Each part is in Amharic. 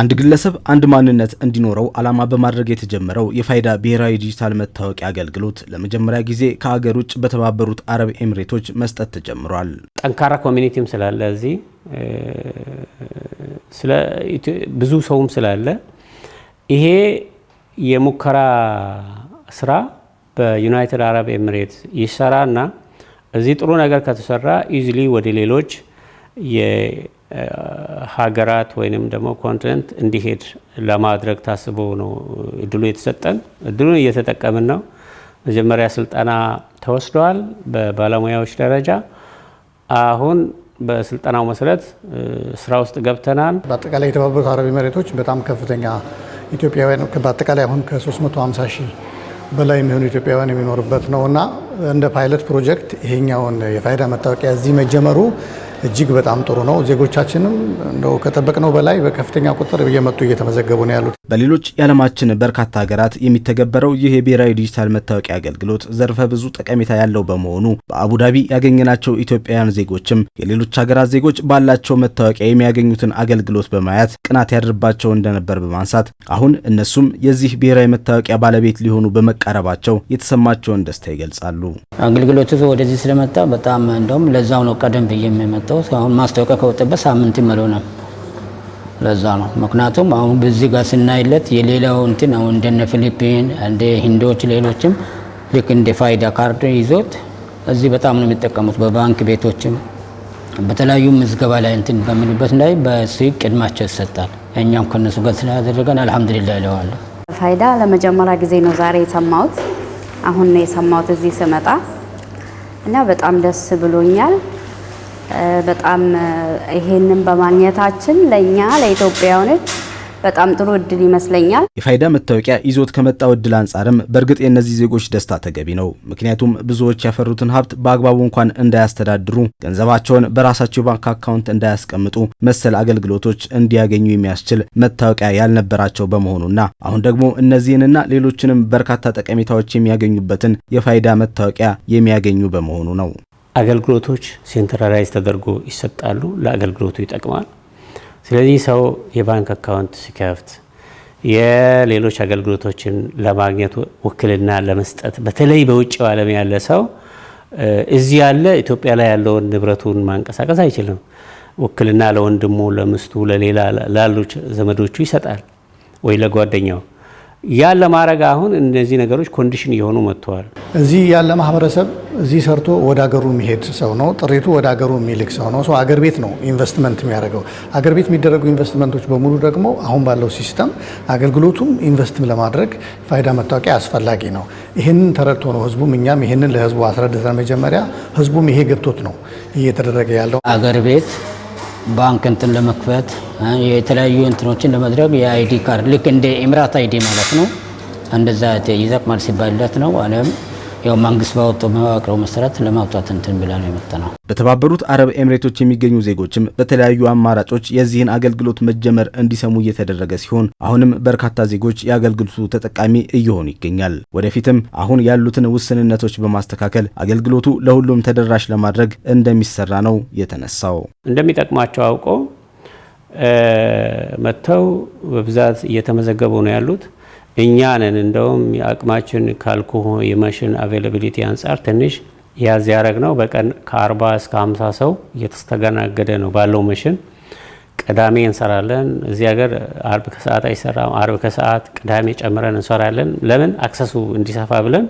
አንድ ግለሰብ አንድ ማንነት እንዲኖረው ዓላማ በማድረግ የተጀመረው የፋይዳ ብሔራዊ ዲጂታል መታወቂያ አገልግሎት ለመጀመሪያ ጊዜ ከሀገር ውጭ በተባበሩት አረብ ኤሚሬቶች መስጠት ተጀምሯል። ጠንካራ ኮሚኒቲም ስላለ እዚህ ብዙ ሰውም ስላለ ይሄ የሙከራ ስራ በዩናይትድ አረብ ይሰራ ይሰራና እዚህ ጥሩ ነገር ከተሰራ ኢዝሊ ወደ ሌሎች ሀገራት ወይንም ደግሞ ኮንቲኔንት እንዲሄድ ለማድረግ ታስቦ ነው እድሉ የተሰጠን። እድሉን እየተጠቀምን ነው። መጀመሪያ ስልጠና ተወስደዋል በባለሙያዎች ደረጃ። አሁን በስልጠናው መሰረት ስራ ውስጥ ገብተናል። በአጠቃላይ የተባበሩት አረብ ኤሚሬቶች በጣም ከፍተኛ ኢትዮጵያውያን በአጠቃላይ አሁን ከ350 ሺህ በላይ የሚሆኑ ኢትዮጵያውያን የሚኖርበት ነው እና እንደ ፓይለት ፕሮጀክት ይሄኛውን የፋይዳ መታወቂያ እዚህ መጀመሩ እጅግ በጣም ጥሩ ነው። ዜጎቻችንም እንደው ከጠበቅነው በላይ በከፍተኛ ቁጥር እየመጡ እየተመዘገቡ ነው ያሉት። በሌሎች የዓለማችን በርካታ ሀገራት የሚተገበረው ይህ የብሔራዊ ዲጂታል መታወቂያ አገልግሎት ዘርፈ ብዙ ጠቀሜታ ያለው በመሆኑ በአቡዳቢ ያገኘናቸው ኢትዮጵያውያን ዜጎችም የሌሎች ሀገራት ዜጎች ባላቸው መታወቂያ የሚያገኙትን አገልግሎት በማየት ቅናት ያድርባቸው እንደነበር በማንሳት አሁን እነሱም የዚህ ብሔራዊ መታወቂያ ባለቤት ሊሆኑ በመቃረባቸው የተሰማቸውን ደስታ ይገልጻሉ። አገልግሎቱ ወደዚህ ስለመጣ በጣም እንደውም ለዛው ነው ቀደም ብዬ የወጣው። አሁን ማስታወቂያ ከወጣበት ሳምንት ይመለው ነው። ለዛ ነው ምክንያቱም አሁን በዚህ ጋር ስናይለት የሌላው እንትን አሁን እንደነ ፊሊፒን እንደ ሂንዶች ሌሎችም ልክ እንደ ፋይዳ ካርድ ይዞት እዚህ በጣም ነው የሚጠቀሙት። በባንክ ቤቶችም በተለያዩ ምዝገባ ላይ እንትን በሚሉበት ላይ በስቅ ቅድማቸው ይሰጣል። እኛም ከነሱ ጋር ስላደረገን አልሐምዱሊላ ይለዋለሁ። ፋይዳ ለመጀመሪያ ጊዜ ነው ዛሬ የሰማሁት፣ አሁን ነው የሰማሁት እዚህ ስመጣ እና በጣም ደስ ብሎኛል። በጣም ይሄንን በማግኘታችን ለእኛ ለኢትዮጵያውያኖች በጣም ጥሩ እድል ይመስለኛል። የፋይዳ መታወቂያ ይዞት ከመጣው እድል አንጻርም በእርግጥ የእነዚህ ዜጎች ደስታ ተገቢ ነው። ምክንያቱም ብዙዎች ያፈሩትን ሀብት በአግባቡ እንኳን እንዳያስተዳድሩ፣ ገንዘባቸውን በራሳቸው ባንክ አካውንት እንዳያስቀምጡ፣ መሰል አገልግሎቶች እንዲያገኙ የሚያስችል መታወቂያ ያልነበራቸው በመሆኑና አሁን ደግሞ እነዚህንና ሌሎችንም በርካታ ጠቀሜታዎች የሚያገኙበትን የፋይዳ መታወቂያ የሚያገኙ በመሆኑ ነው። አገልግሎቶች ሴንትራላይዝ ተደርጎ ይሰጣሉ፣ ለአገልግሎቱ ይጠቅማል። ስለዚህ ሰው የባንክ አካውንት ሲከፍት የሌሎች አገልግሎቶችን ለማግኘት ውክልና ለመስጠት በተለይ በውጭ ዓለም ያለ ሰው እዚህ ያለ ኢትዮጵያ ላይ ያለውን ንብረቱን ማንቀሳቀስ አይችልም። ውክልና ለወንድሙ፣ ለምስቱ፣ ለሌላ ላሉ ዘመዶቹ ይሰጣል ወይ ለጓደኛው። ያን ለማድረግ አሁን እነዚህ ነገሮች ኮንዲሽን እየሆኑ መጥተዋል። እዚህ ያለ ማህበረሰብ እዚህ ሰርቶ ወደ አገሩ የሚሄድ ሰው ነው፣ ጥሬቱ ወደ አገሩ የሚልክ ሰው ነው። አገር ቤት ነው ኢንቨስትመንት የሚያደርገው። አገር ቤት የሚደረጉ ኢንቨስትመንቶች በሙሉ ደግሞ አሁን ባለው ሲስተም አገልግሎቱም ኢንቨስትም ለማድረግ ፋይዳ መታወቂያ አስፈላጊ ነው። ይህንን ተረድቶ ነው ህዝቡም እኛም ይህንን ለህዝቡ አስረድተን መጀመሪያ ህዝቡም ይሄ ገብቶት ነው እየተደረገ ያለው አገር ቤት ባንክ እንትን ለመክፈት የተለያዩ እንትኖችን ለመድረግ የአይዲ ካርድ ልክ እንደ ኤምራት አይዲ ማለት ነው። እንደዛ ይጠቅማል ሲባልለት ነው አለም ያው መንግስት ባወጣው መዋቅረው መሰረት ለማውጣት እንትን ብላ ነው የመጣ ነው። በተባበሩት አረብ ኤምሬቶች የሚገኙ ዜጎችም በተለያዩ አማራጮች የዚህን አገልግሎት መጀመር እንዲሰሙ እየተደረገ ሲሆን አሁንም በርካታ ዜጎች የአገልግሎቱ ተጠቃሚ እየሆኑ ይገኛል። ወደፊትም አሁን ያሉትን ውስንነቶች በማስተካከል አገልግሎቱ ለሁሉም ተደራሽ ለማድረግ እንደሚሰራ ነው የተነሳው። እንደሚጠቅማቸው አውቀው መጥተው በብዛት እየተመዘገቡ ነው ያሉት። እኛ ነን እንደውም የአቅማችን ካልኩ የመሽን አቬይላቢሊቲ አንጻር ትንሽ ያዝ ያደረግ ነው። በቀን ከ40 እስከ 50 ሰው እየተስተናገደ ነው ባለው መሽን። ቅዳሜ እንሰራለን። እዚህ ሀገር አርብ ከሰዓት አይሰራም። አርብ ከሰዓት ቅዳሜ ጨምረን እንሰራለን። ለምን አክሰሱ እንዲሰፋ ብለን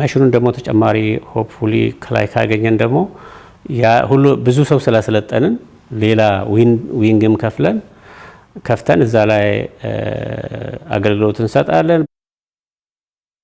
መሽኑን ደግሞ ተጨማሪ ሆፕፉሊ ከላይ ካገኘን ደግሞ ሁሉ ብዙ ሰው ስላስለጠንን ሌላ ዊንግም ከፍለን ከፍተን እዛ ላይ አገልግሎት እንሰጣለን።